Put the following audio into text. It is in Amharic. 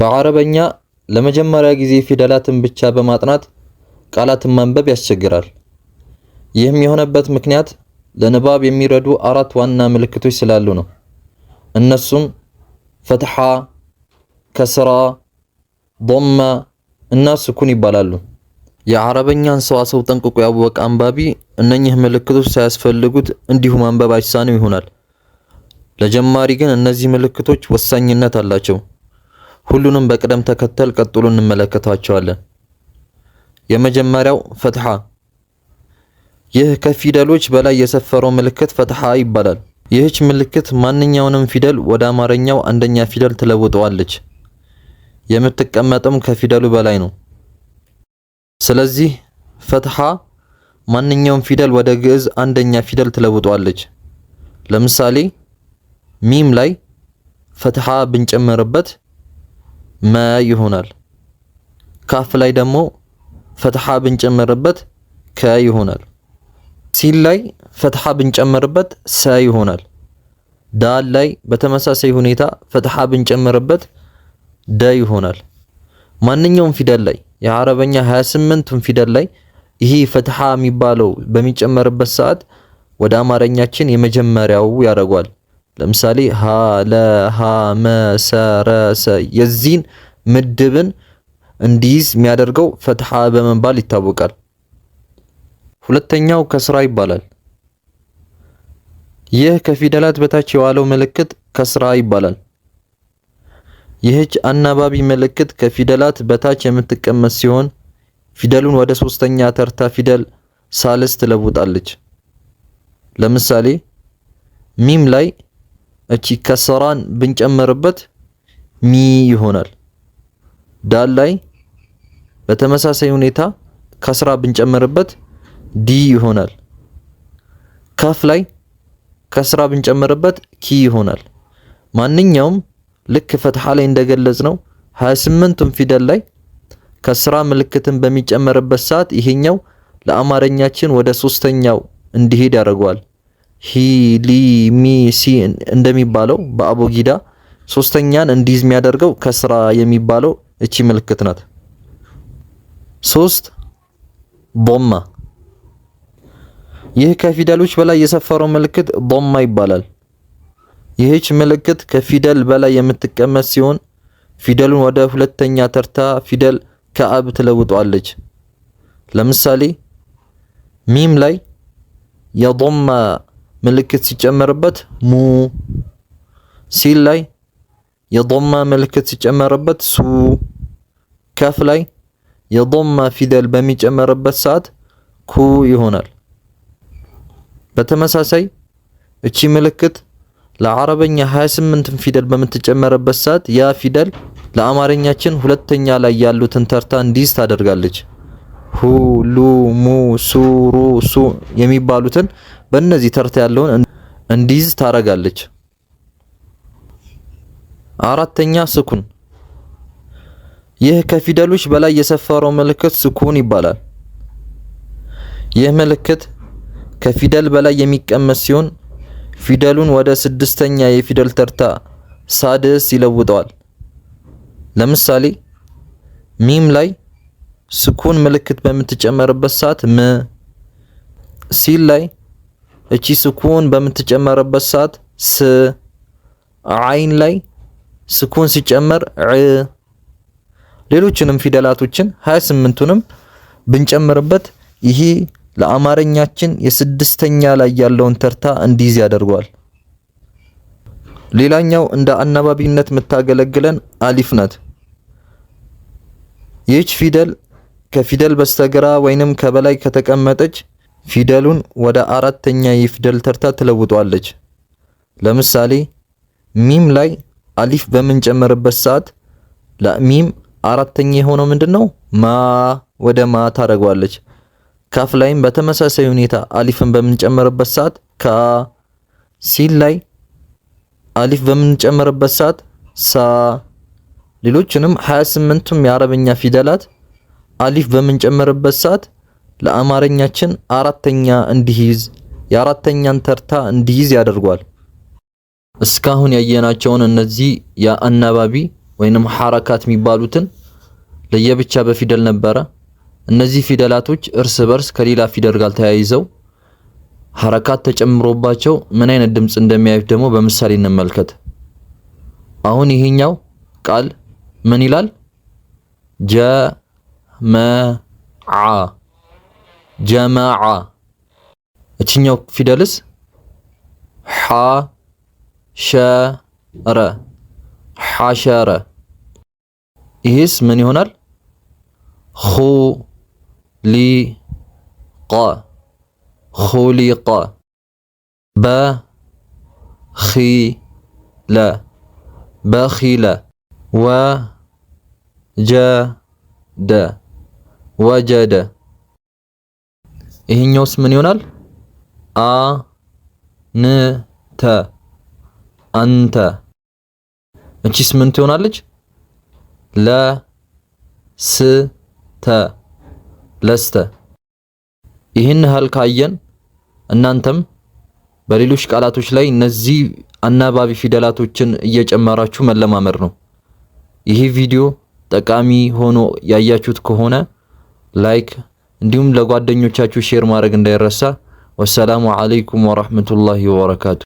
በአረበኛ ለመጀመሪያ ጊዜ ፊደላትን ብቻ በማጥናት ቃላትን ማንበብ ያስቸግራል። ይህም የሆነበት ምክንያት ለንባብ የሚረዱ አራት ዋና ምልክቶች ስላሉ ነው። እነሱም ፈትሓ፣ ከስራ፣ ዶማ እና ስኩን ይባላሉ። የአረበኛን ሰዋሰው ጠንቅቆ ያወቀ አንባቢ እነኚህ ምልክቶች ሳያስፈልጉት እንዲሁ ማንበብ አይሳንም ይሆናል። ለጀማሪ ግን እነዚህ ምልክቶች ወሳኝነት አላቸው። ሁሉንም በቅደም ተከተል ቀጥሎ እንመለከታቸዋለን። የመጀመሪያው ፈትሐ። ይህ ከፊደሎች በላይ የሰፈረው ምልክት ፈትሐ ይባላል። ይህች ምልክት ማንኛውንም ፊደል ወደ አማርኛው አንደኛ ፊደል ትለውጠዋለች። የምትቀመጥም ከፊደሉ በላይ ነው። ስለዚህ ፈትሐ ማንኛውም ፊደል ወደ ግዕዝ አንደኛ ፊደል ትለውጠዋለች። ለምሳሌ ሚም ላይ ፈትሐ ብንጨምርበት መ ይሆናል። ካፍ ላይ ደግሞ ፈትሐ ብንጨምርበት ከ ይሆናል። ሲል ላይ ፈትሐ ብንጨምርበት ሰ ይሆናል። ዳል ላይ በተመሳሳይ ሁኔታ ፈትሐ ብንጨምርበት ደ ይሆናል። ማንኛውም ፊደል ላይ የአረበኛ 28ቱም ፊደል ላይ ይህ ፈትሐ የሚባለው በሚጨመርበት ሰዓት ወደ አማርኛችን የመጀመሪያው ያደርገዋል። ለምሳሌ ሀ ረ ሰ የዚህን ምድብን እንዲይዝ የሚያደርገው ፈትሐ በመባል ይታወቃል። ሁለተኛው ከስራ ይባላል። ይህ ከፊደላት በታች የዋለው ምልክት ከስራ ይባላል። ይህች አናባቢ ምልክት ከፊደላት በታች የምትቀመጥ ሲሆን ፊደሉን ወደ ሶስተኛ ተርታ ፊደል ሳልስ ትለውጣለች። ለምሳሌ ሚም ላይ እቺ ከሰራን ብንጨመርበት ሚ ይሆናል። ዳል ላይ በተመሳሳይ ሁኔታ ከስራ ብንጨመርበት ዲ ይሆናል። ካፍ ላይ ከስራ ብንጨመርበት ኪ ይሆናል። ማንኛውም ልክ ፈትሃ ላይ እንደገለጽ ነው 28 ቱን ፊደል ላይ ከስራ ምልክትን በሚጨመርበት ሰዓት ይሄኛው ለአማርኛችን ወደ ሶስተኛው እንዲሄድ ያደርገዋል። ሂሊሚሲ እንደሚባለው በአቦጊዳ ሶስተኛን እንዲዝ የሚያደርገው ከስራ የሚባለው እቺ ምልክት ናት። ሶስት ቦማ ይህ ከፊደሎች በላይ የሰፈረው ምልክት ቦማ ይባላል። ይህች ምልክት ከፊደል በላይ የምትቀመጥ ሲሆን ፊደሉን ወደ ሁለተኛ ተርታ ፊደል ከአብ ትለውጧለች። ለምሳሌ ሚም ላይ የዶማ ምልክት ሲጨመርበት ሙ ሲል ላይ የዶማ ምልክት ሲጨመርበት ሱ ከፍ ላይ የዶማ ፊደል በሚጨመርበት ሰዓት ኩ ይሆናል። በተመሳሳይ እቺ ምልክት ለአረበኛ 28 ፊደል በምትጨመርበት ሰዓት ያ ፊደል ለአማርኛችን ሁለተኛ ላይ ያሉትን ተርታ እንዲይዝ ታደርጋለች። ሁ ሉ ሙ ሱ ሩ ሱ የሚባሉትን በእነዚህ ተርታ ያለውን እንዲይዝ ታረጋለች። አራተኛ ስኩን። ይህ ከፊደሎች በላይ የሰፈረው ምልክት ስኩን ይባላል። ይህ ምልክት ከፊደል በላይ የሚቀመጥ ሲሆን ፊደሉን ወደ ስድስተኛ የፊደል ተርታ ሳድስ ይለውጠዋል። ለምሳሌ ሚም ላይ ስኩን ምልክት በምትጨመርበት ሰዓት ም፣ ሲል ላይ እቺ ስኩን በምትጨመርበት ሰዓት ስ አይን ላይ ስኩን ሲጨመር ዕ ሌሎችንም ፊደላቶችን 28ቱንም ብንጨምርበት ይሄ ለአማርኛችን የስድስተኛ ላይ ያለውን ተርታ እንዲይዝ ያደርገዋል። ሌላኛው እንደ አናባቢነት የምታገለግለን አሊፍ ናት። ይህች ፊደል ከፊደል በስተግራ ወይንም ከበላይ ከተቀመጠች ፊደሉን ወደ አራተኛ የፊደል ተርታ ትለውጧለች። ለምሳሌ ሚም ላይ አሊፍ በምንጨምርበት ሰዓት ለሚም አራተኛ የሆነው ምንድነው? ማ ወደ ማ ታደርጓለች። ካፍ ላይም በተመሳሳይ ሁኔታ አሊፍን በምንጨምርበት ሰዓት ካ፣ ሲል ላይ አሊፍ በምንጨምርበት ሰዓት ሳ። ሌሎችንም 28ቱም የአረበኛ ፊደላት አሊፍ በምንጨምርበት ሰዓት ለአማርኛችን አራተኛ እንዲይዝ የአራተኛን ተርታ እንዲይዝ ያደርጓል። እስካሁን ያየናቸውን እነዚህ የአናባቢ ወይንም ሐረካት የሚባሉትን ለየብቻ በፊደል ነበረ። እነዚህ ፊደላቶች እርስ በርስ ከሌላ ፊደል ጋር ተያይዘው ሐረካት ተጨምሮባቸው ምን አይነት ድምፅ እንደሚያዩት ደግሞ በምሳሌ እንመልከት። አሁን ይሄኛው ቃል ምን ይላል? ጀመዓ ጀማዓ እችኛው ፊደልስ ሓ ሸረ ሓሸረ። ይህስ ምን ይሆናል? ኹሊቀ ኹሊቀ በኺለ በኺለ ወጀደ ወጀደ ይሄኛውስ ምን ይሆናል? አ ን ተ አንተ። እቺስ ምን ትሆናለች? ለ ስ ተ ለስተ። ይህን ያህል ካየን እናንተም በሌሎች ቃላቶች ላይ እነዚህ አናባቢ ፊደላቶችን እየጨመራችሁ መለማመድ ነው። ይሄ ቪዲዮ ጠቃሚ ሆኖ ያያችሁት ከሆነ ላይክ እንዲሁም ለጓደኞቻችሁ ሼር ማድረግ እንዳይረሳ። ወሰላሙ አለይኩም ወራህመቱላሂ ወበረካቱ።